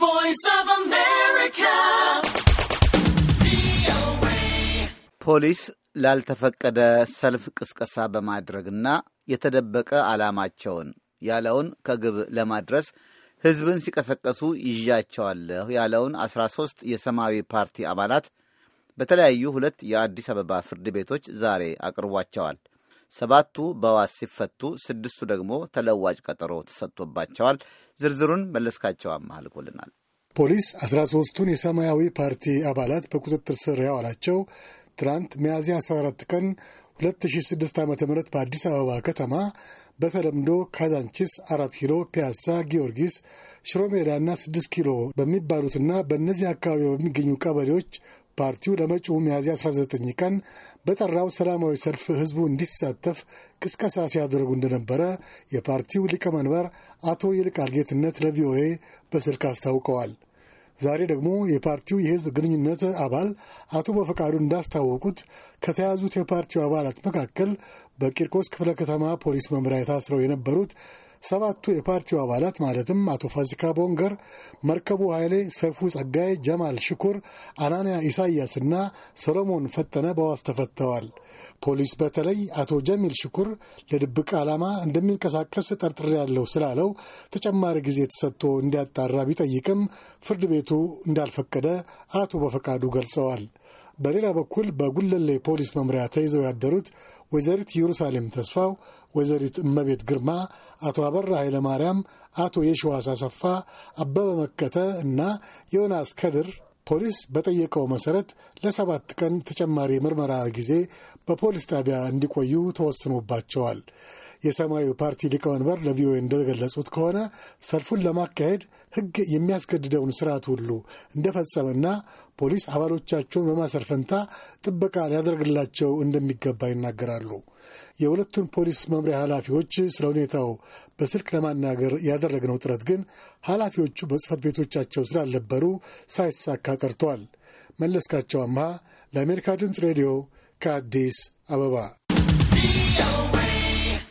Voice of America. ፖሊስ ላልተፈቀደ ሰልፍ ቅስቀሳ በማድረግና የተደበቀ ዓላማቸውን ያለውን ከግብ ለማድረስ ሕዝብን ሲቀሰቀሱ ይዣቸዋለሁ ያለውን 13 የሰማያዊ ፓርቲ አባላት በተለያዩ ሁለት የአዲስ አበባ ፍርድ ቤቶች ዛሬ አቅርቧቸዋል። ሰባቱ በዋስ ሲፈቱ፣ ስድስቱ ደግሞ ተለዋጭ ቀጠሮ ተሰጥቶባቸዋል። ዝርዝሩን መለስካቸው አማህ ልኮልናል። ፖሊስ አስራ ሶስቱን የሰማያዊ ፓርቲ አባላት በቁጥጥር ስር ያዋላቸው ትናንት ሚያዝያ 14 ቀን 2006 ዓ ም በአዲስ አበባ ከተማ በተለምዶ ካዛንቺስ፣ አራት ኪሎ፣ ፒያሳ ጊዮርጊስ፣ ሽሮሜዳና ስድስት ኪሎ በሚባሉትና በእነዚህ አካባቢ በሚገኙ ቀበሌዎች ፓርቲው ለመጪው ሚያዝያ 19 ቀን በጠራው ሰላማዊ ሰልፍ ህዝቡ እንዲሳተፍ ቅስቀሳ ሲያደርጉ እንደነበረ የፓርቲው ሊቀመንበር አቶ ይልቃል ጌትነት ለቪኦኤ በስልክ አስታውቀዋል። ዛሬ ደግሞ የፓርቲው የህዝብ ግንኙነት አባል አቶ በፈቃዱ እንዳስታወቁት ከተያዙት የፓርቲው አባላት መካከል በቂርቆስ ክፍለ ከተማ ፖሊስ መምሪያ ታስረው የነበሩት ሰባቱ የፓርቲው አባላት ማለትም አቶ ፋሲካ ቦንገር፣ መርከቡ ኃይሌ፣ ሰይፉ ጸጋይ፣ ጀማል ሽኩር፣ አናንያ ኢሳያስ እና ሰሎሞን ፈጠነ በዋስ ተፈተዋል። ፖሊስ በተለይ አቶ ጀሚል ሽኩር ለድብቅ ዓላማ እንደሚንቀሳቀስ ያለው ስላለው ተጨማሪ ጊዜ ተሰጥቶ እንዲያጣራ ቢጠይቅም ፍርድ ቤቱ እንዳልፈቀደ አቶ በፈቃዱ ገልጸዋል። በሌላ በኩል በጉለሌ ፖሊስ መምሪያ ተይዘው ያደሩት ወይዘሪት ኢየሩሳሌም ተስፋው፣ ወይዘሪት እመቤት ግርማ፣ አቶ አበራ ኃይለማርያም፣ አቶ የሸዋስ አሰፋ፣ አበበ መከተ እና ዮናስ ከድር ፖሊስ በጠየቀው መሰረት ለሰባት ቀን ተጨማሪ ምርመራ ጊዜ በፖሊስ ጣቢያ እንዲቆዩ ተወስኖባቸዋል። የሰማያዊ ፓርቲ ሊቀመንበር ለቪኦኤ እንደገለጹት ከሆነ ሰልፉን ለማካሄድ ሕግ የሚያስገድደውን ስርዓት ሁሉ እንደፈጸመና ፖሊስ አባሎቻቸውን በማሰር ፈንታ ጥበቃ ሊያደርግላቸው እንደሚገባ ይናገራሉ። የሁለቱን ፖሊስ መምሪያ ኃላፊዎች ስለ ሁኔታው በስልክ ለማናገር ያደረግነው ጥረት ግን ኃላፊዎቹ በጽህፈት ቤቶቻቸው ስላልነበሩ ሳይሳካ ቀርቷል። መለስካቸው አምሃ ለአሜሪካ ድምፅ ሬዲዮ ከአዲስ አበባ